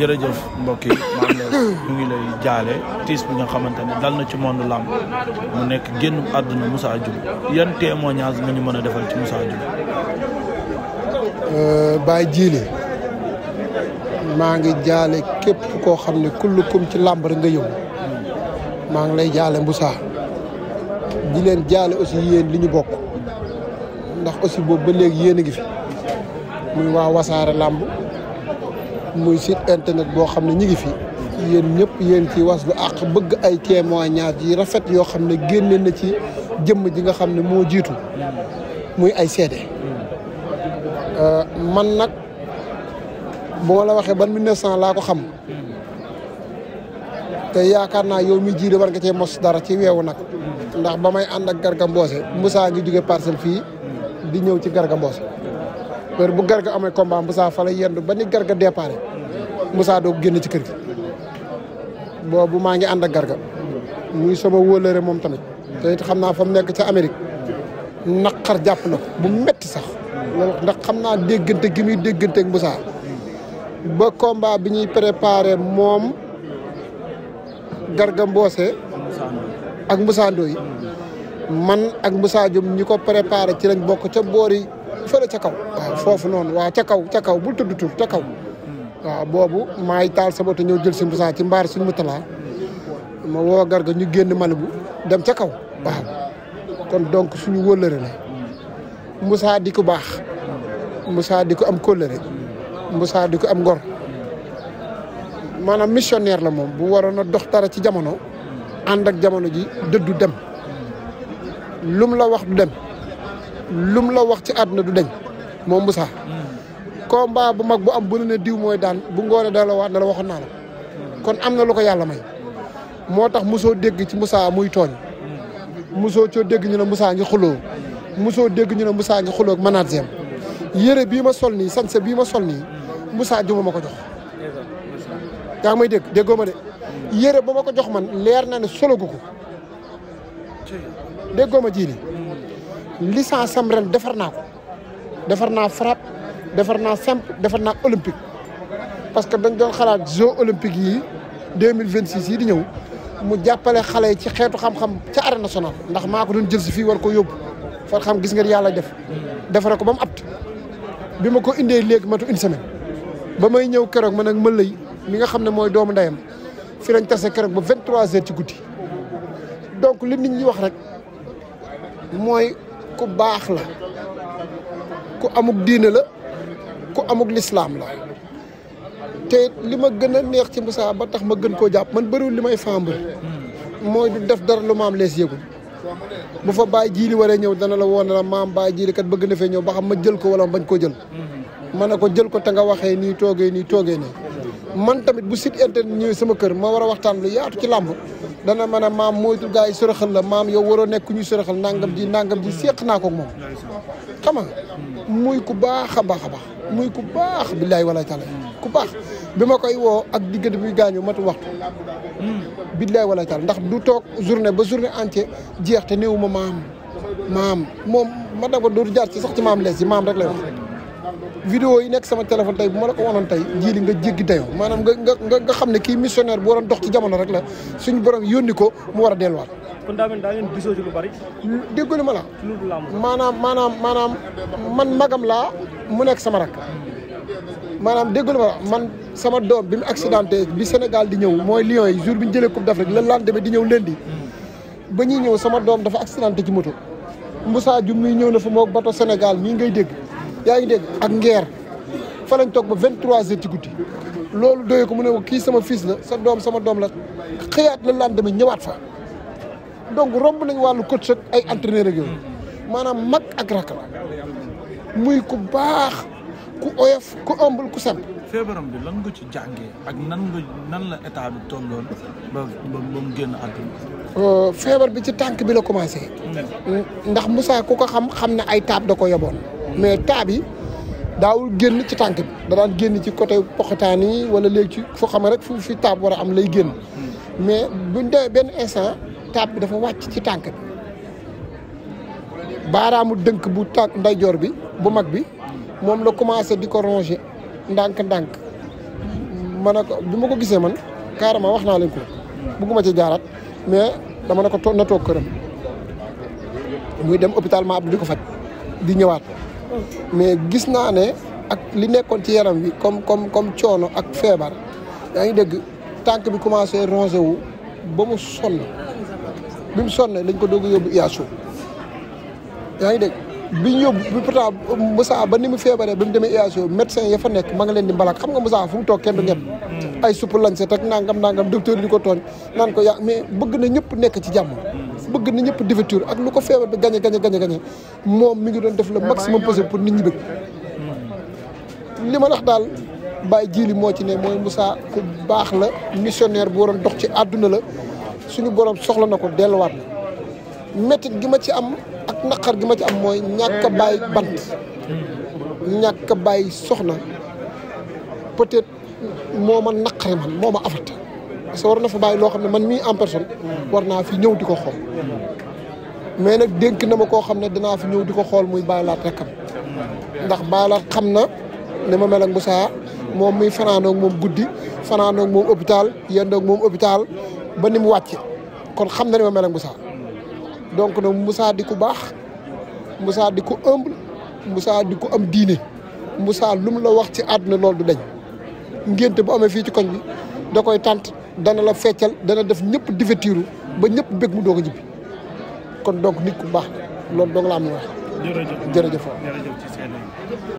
jërëjëf mbokk yi maa ngi lay ñu ngi lay jaale tiis bi nga xamante ne dal na ci monde làmb mu nekk génn àdduna Moussa Dioum yan témoignage nga ñu mën a defal ci Moussa Dioum. Euh, Baye jiile maa ngi jaale képp koo xam ne kullukum ci làmb rek nga yëngu maa ngi lay jaale Moussa di leen jaale aussi yéen li ñu bokk ndax aussi boobu ba léegi yéen a ngi fi muy waa wasaare làmb. muy site internet boo xam ne ñu ngi fi yéen ñëpp yéen ci waslu àq bëgg ay ñaar yi rafet yoo xam ne génne na ci jëmm ji nga xam ne moo jiitu muy ay seede euh, man nag bu ma la waxee ban 1900 laa ko xam te yaakaar naa yow mi jiite war nga cee mos dara ci weewu nag ndax ba may ànd ak Garga Mbossé Moussa ngi jóge parcelle fii di ñëw ci Garga heure bu garga amee combat Moussa fa la yendu ba ni garga départ Moussa doo génn ci kër gi boobu maa ngi ànd ak garga muy sama wóolëre moom tamit te xam naa fa mu nekk ca Amérique naqar jàpp na bu metti sax ndax xam naa déggante gi muy déggante ak Moussa ba combat bi ñuy préparé moom Garga Mbossé ak Moussa Ndoye man ak Moussa Diom ñi ko préparé ci lañ bokk ca boori fële ca kaw foofu noonu waa ca kaw ca kaw bu tudd tur ca kaw waaw boobu maay taal sa ñëw jël si Moussa ci mbaar suñu Moutala ma woo Garga ñu génn Malibu dem ca kaw waaw kon donc suñu wëllëre la Moussa di baax Moussa di ko am kóllëre Moussa di ko am ngor maanaam missionnaire la moom bu waroon a dox dara ci jamono ànd ak jamono ji dëddu dem lum la wax du dem lum la wax ci àdduna du deñ moom Moussa. combat bu mag bu am bu ne diw mooy daan bu ngoone da la na la waxoon naa la kon am na lu ko yàlla may moo tax mosoo dégg ci Moussa muy tooñ mosoo coo dégg ñu ne Moussa ngi xuloo mosoo dégg ñu ne Moussa ngi xuloo ak manager yére bii ma sol nii sanse bii ma sol nii Moussa juma ma ko jox yaa ngi may dégg déggoo ma de yére ba ma ko jox man leer naa ne solo gu ko déggoo ma ji nii licence am ren defar naa ko defar naa frappe defar naa simple defar naa olympique parce que dañ doon xalaat jeux olympiques yi deux mille vingt six yii di ñëw mu jàppale xale yi ci xeetu xam-xam ca arène nationale ndax maa ko doon jël si fii war ko yóbbu far xam gis ngeen yàlla def defare ko ba mu apt bi ma ko indee léegi matu une semaine ba may ñëw keroog man ak mën lay mi nga xam ne mooy doomu ndayam fii lañ tase keroog ba vingt trois heures ci guddi donc li nit ñi wax rek mooy ku baax la ku amuk diine la ku amuk lislaam la te li ma gën a neex ci musaa ba tax ma gën koo jàpp man bëriwul li may fàmb mooy du def dara lu maam lees yëgul bu fa bàyyi jiili waree ñëw dana la woon la maam bàyyi jiili bëgg na fee ñëw ba xam ma jël ko wala bañ koo jël ma ne ko jël ko te nga waxee nii toogee nii toogee nii man tamit bu site internet ñëwee sama kër ma war a waxtaan lu yaatu ci làmb dana mën a maam moytu tu yi sërëxal la maam yow waroo nekk ku ñuy sërëxal nangam ji nangam ji seq naa ko moom xam muy ku baax a baax a baax muy ku baax billaay walaay taala ku baax bi ma koy woo ak diggante bi gaañoo matu waxtu billaay walaay taala ndax du toog journée ba journée entière jeex te néew ma maam maam moom ma dama dootu jaar ci sax ci maam lees yi maam rek lay wax vidéo yi nekk sama téléphone tey bu ma la ko wanoon tey jii li nga jéggi dayoo maanaam nga nga nga xam ne kii missionnaire bu waroon dox ci jamono rek suñu borom yónni ko mu war a delluwaat. kon daa mel ni daa ngeen gisoo ci lu bari. la. maanaam maanaam maanaam man magam laa mu nekk sama rak. maanaam déggul ma man sama doom bi mu accidenté bi Sénégal di ñëw mooy Lions yi jour bi ñu jëlee Coupe d'Afrique le lendemain di ñëw lundi ba ñuy ñëw sama doom dafa accidenté ci moto Moussa Dioum muy ñëw na fa moog bato Sénégal mii ngay dégg yaa ngi dégg ak ngeer fa lañ toog ba vingt trois heures ci guddi loolu doye ko mu ne kii sama fils la sa doom sama doom la xëyaat la laam demee ñëwaat fa donc romb nañ wàllu coach ak ay entraîneur ak yooyu maanaam mag ak rakk la muy ku baax ku oyof feebaram bi lan nga ci jàngee ak nan nga nan la état bi tolloon génn àdduna. Euh, feebar bi ci tànk bi la commencé. Mm. ndax Moussa ko ko xam xam ne ay taab da ko yoboon. mais taa bi daawul génn ci tànk bi da génn ci côté poxataan yi wala léegi ci foo xam rek foofu fi taab war a am lay génn mais buñ demee benn instant taab bi dafa wàcc ci tànk bi baaraamu dënk bu tànk ndeyjoor bi bu mag bi moom la commencé di ko ronger ndànk-ndànk ma ne ko bi ma ko gisee man carrément wax naa leen ko bugguma ci jaaraat mais dama ne ko na toog këram muy dem hôpital ma ab di ko faj di ñëwaat mais gis naa ne ak li nekkoon ci yaram bi comme comme comme coono ak feebar yaa ngi dégg tànk bi commencé rongé wu ba mu sonn bi mu sonn lañ ko dogg a yóbbu IASU yaa ngi dégg bi ñu yóbbu bi pourtant Moussa ba ni mu feebaree ba mu demee IASU médecin ya fa nekk ma nga leen di mbalak xam nga Moussa fu mu toog kenn du ñett mm. ay supp lañ ak nangam nangam docteur di ko tooñ naan ko yaa mais bëgg na ñëpp nekk ci jàmm bëgg ñëpp défature ak lu ko feebar bi gañe gañe gañe gañe moom mi ngi doon def le maximum possible pour nit ñi bëgg li ma wax daal Baye Djily moo ci ne mooy Moussa ku baax la missionnaire bu waroon dox ci àdduna la suñu boroom soxla na ko delluwaat na métit gi ma ci am ak naqar gi ma ci am mooy ñàkk bàyyi bant ñàkk a bàyyi soxna peut-être moo ma naqari man moo ma afat parce war na fa bàyyi loo xam ne man mii en personne war naa fi ñëw di ko xool nag dénk na ma koo xam ne danaa fi ñëw di ko xool muy Baye Laat rekkam ndax Baye xam na ni ma mel ak Moussa moom muy fanaanoog moom guddi fanaanoog moom hôpital yendoog moom hôpital ba ni mu wàcce kon xam na ni ma mel ak Moussa donc nag Moussa di ku baax Moussa di ko humble Moussa di ko am diine Moussa lu mu la wax ci àdduna loolu du deñ ngénte bu amee fii ci koñ bi da koy tànt dana la feccal dana def ñëpp divertiru ba ñëpp bëgg mu doog a ñibbi kon donc nit ku baax loolu doog la am ñu